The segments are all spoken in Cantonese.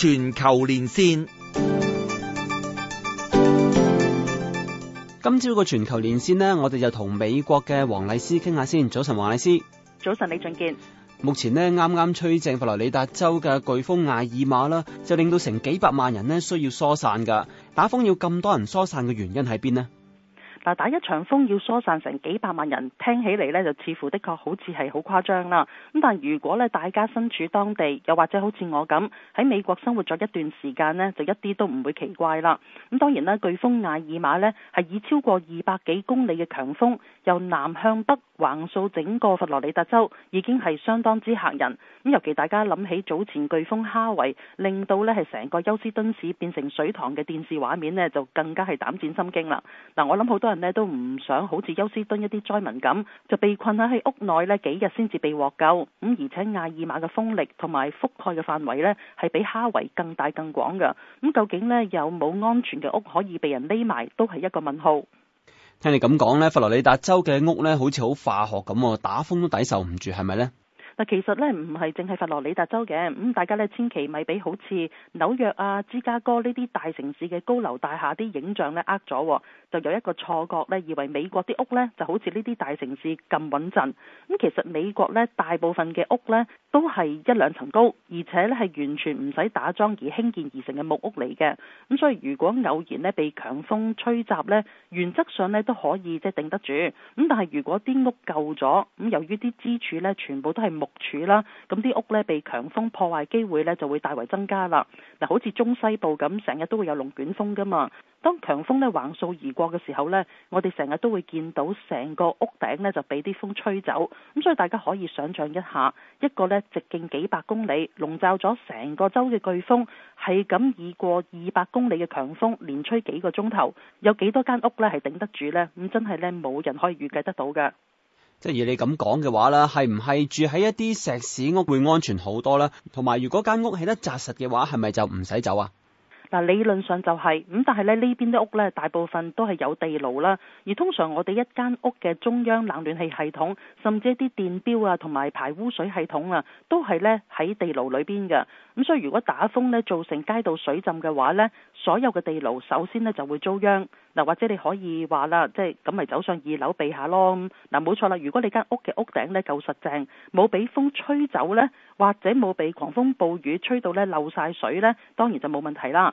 全球連線，今朝個全球連線呢，我哋就同美國嘅黃麗施傾下先。早晨，黃麗施。早晨，李俊傑。目前呢，啱啱吹正佛羅里達州嘅颶風艾爾瑪啦，就令到成幾百萬人呢需要疏散噶。打風要咁多人疏散嘅原因喺邊呢？嗱，打一場風要疏散成幾百萬人，聽起嚟呢就似乎的確好似係好誇張啦。咁但如果咧大家身處當地，又或者好似我咁喺美國生活咗一段時間呢，就一啲都唔會奇怪啦。咁當然啦，颶風艾爾瑪呢係以超過二百幾公里嘅強風由南向北橫掃整個佛羅里達州，已經係相當之嚇人。咁尤其大家諗起早前颶風哈維令到呢係成個休斯敦市變成水塘嘅電視畫面呢，就更加係膽戰心驚啦。嗱，我諗好多人呢都唔想好似休斯敦一啲災民咁，就被困喺屋內呢幾日先至被獲救。咁而且艾爾瑪嘅風力同埋覆蓋嘅範圍呢係比哈維更大更廣嘅。咁究竟呢有冇安全嘅屋可以被人匿埋，都係一個問號。聽你咁講呢，佛羅里達州嘅屋呢好似好化學咁，打風都抵受唔住，係咪呢？其實咧唔係淨係佛羅里達州嘅，咁大家咧千祈咪俾好似紐約啊、芝加哥呢啲大城市嘅高樓大廈啲影像咧呃咗，就有一個錯覺咧，以為美國啲屋咧就好似呢啲大城市咁穩陣。咁其實美國咧大部分嘅屋咧都係一兩層高，而且咧係完全唔使打樁而興建而成嘅木屋嚟嘅。咁所以如果偶然呢被強風吹襲咧，原則上咧都可以即係頂得住。咁但係如果啲屋舊咗，咁由於啲支柱咧全部都係木，住啦，咁啲屋呢被強風破壞機會呢就會大為增加啦。嗱，好似中西部咁，成日都會有龍捲風噶嘛。當強風呢橫掃而過嘅時候呢，我哋成日都會見到成個屋頂呢就俾啲風吹走。咁所以大家可以想像一下，一個呢直徑幾百公里、籠罩咗成個州嘅颶風，係咁以過二百公里嘅強風連吹幾個鐘頭，有幾多間屋呢係頂得住呢？咁真係呢冇人可以預計得到嘅。即係以你咁講嘅話啦，係唔係住喺一啲石屎屋會安全好多啦？同埋，如果間屋起得紮實嘅話，係咪就唔使走啊？嗱，理論上就係，是，咁但係咧呢邊啲屋呢，大部分都係有地牢啦。而通常我哋一間屋嘅中央冷暖氣系統，甚至一啲電表啊，同埋排污水系統啊，都係呢喺地牢裏邊嘅。咁所以如果打風呢，造成街道水浸嘅話呢，所有嘅地牢首先呢就會遭殃。嗱，或者你可以話啦，即係咁咪走上二樓避下咯。嗱，冇錯啦，如果你間屋嘅屋頂呢夠實淨，冇俾風吹走呢，或者冇被狂風暴雨吹到呢漏晒水呢，當然就冇問題啦。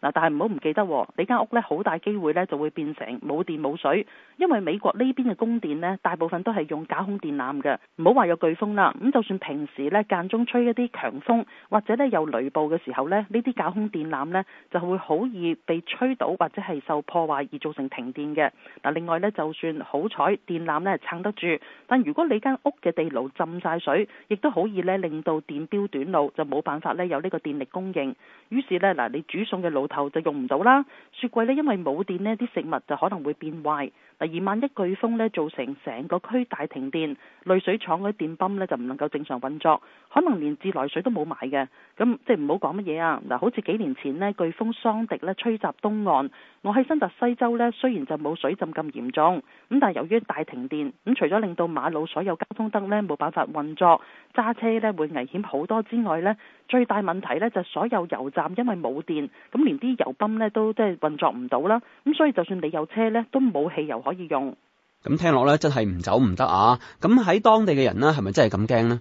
但係唔好唔記得喎，你間屋咧好大機會咧就會變成冇電冇水，因為美國呢邊嘅供電呢，大部分都係用架空電纜嘅，唔好話有颶風啦，咁就算平時咧間中吹一啲強風或者咧有雷暴嘅時候咧，呢啲架空電纜呢就會好易被吹倒或者係受破壞而造成停電嘅。嗱，另外咧就算好彩電纜咧撐得住，但如果你間屋嘅地牢浸晒水，亦都可以咧令到電表短路，就冇辦法咧有呢個電力供應。於是咧嗱，你煮餸嘅爐頭就用唔到啦，雪櫃咧，因為冇電咧，啲食物就可能會變壞。嗱，二萬一颶風咧造成成個區大停電，濾水廠嗰啲電泵咧就唔能夠正常運作，可能連自來水都冇埋嘅。咁即係唔好講乜嘢啊！嗱、就是，好似幾年前呢颶風桑迪咧吹襲東岸，我喺新澤西州咧雖然就冇水浸咁嚴重，咁但係由於大停電，咁除咗令到馬路所有交通燈咧冇辦法運作，揸車咧會危險好多之外咧，最大問題咧就是所有油站因為冇電，咁連啲油泵咧都即係運作唔到啦。咁所以就算你有車咧，都冇汽油可以用咁聽落咧，真係唔走唔得啊！咁喺當地嘅人咧，係咪真係咁驚咧？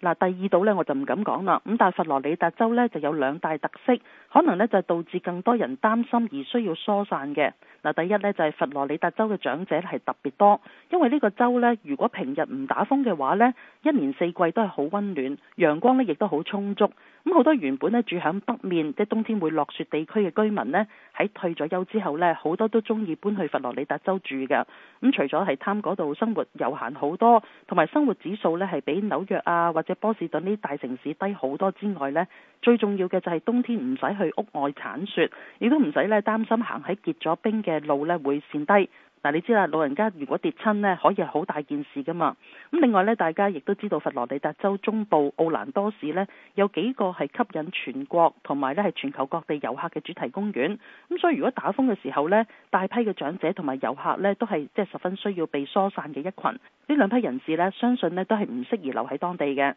嗱，第二度呢，我就唔敢講啦，咁但係佛羅里達州呢，就有兩大特色，可能呢就導致更多人擔心而需要疏散嘅。嗱，第一呢，就係佛羅里達州嘅長者係特別多，因為呢個州呢，如果平日唔打風嘅話呢，一年四季都係好溫暖，陽光呢亦都好充足。咁好多原本呢住響北面，即冬天會落雪地區嘅居民呢，喺退咗休之後呢，好多都中意搬去佛羅里達州住嘅。咁除咗係貪嗰度生活悠閒好多，同埋生活指數呢，係比紐約啊或即波士頓呢啲大城市低好多之外咧，最重要嘅就係冬天唔使去屋外鏟雪，亦都唔使咧擔心行喺結咗冰嘅路咧會跣低。嗱，你知啦，老人家如果跌親呢，可以係好大件事㗎嘛。咁另外呢，大家亦都知道佛羅里達州中部奧蘭多市呢，有幾個係吸引全國同埋呢係全球各地遊客嘅主題公園。咁所以如果打風嘅時候呢，大批嘅長者同埋遊客呢，都係即係十分需要被疏散嘅一群。呢兩批人士呢，相信呢都係唔適宜留喺當地嘅。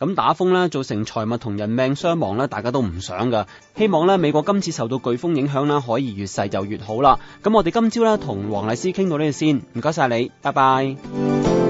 咁打風咧，造成財物同人命傷亡咧，大家都唔想噶。希望呢美國今次受到颶風影響咧，可以越細就越好啦。咁我哋今朝咧，同黃麗施傾到呢度先，唔該晒你，拜拜。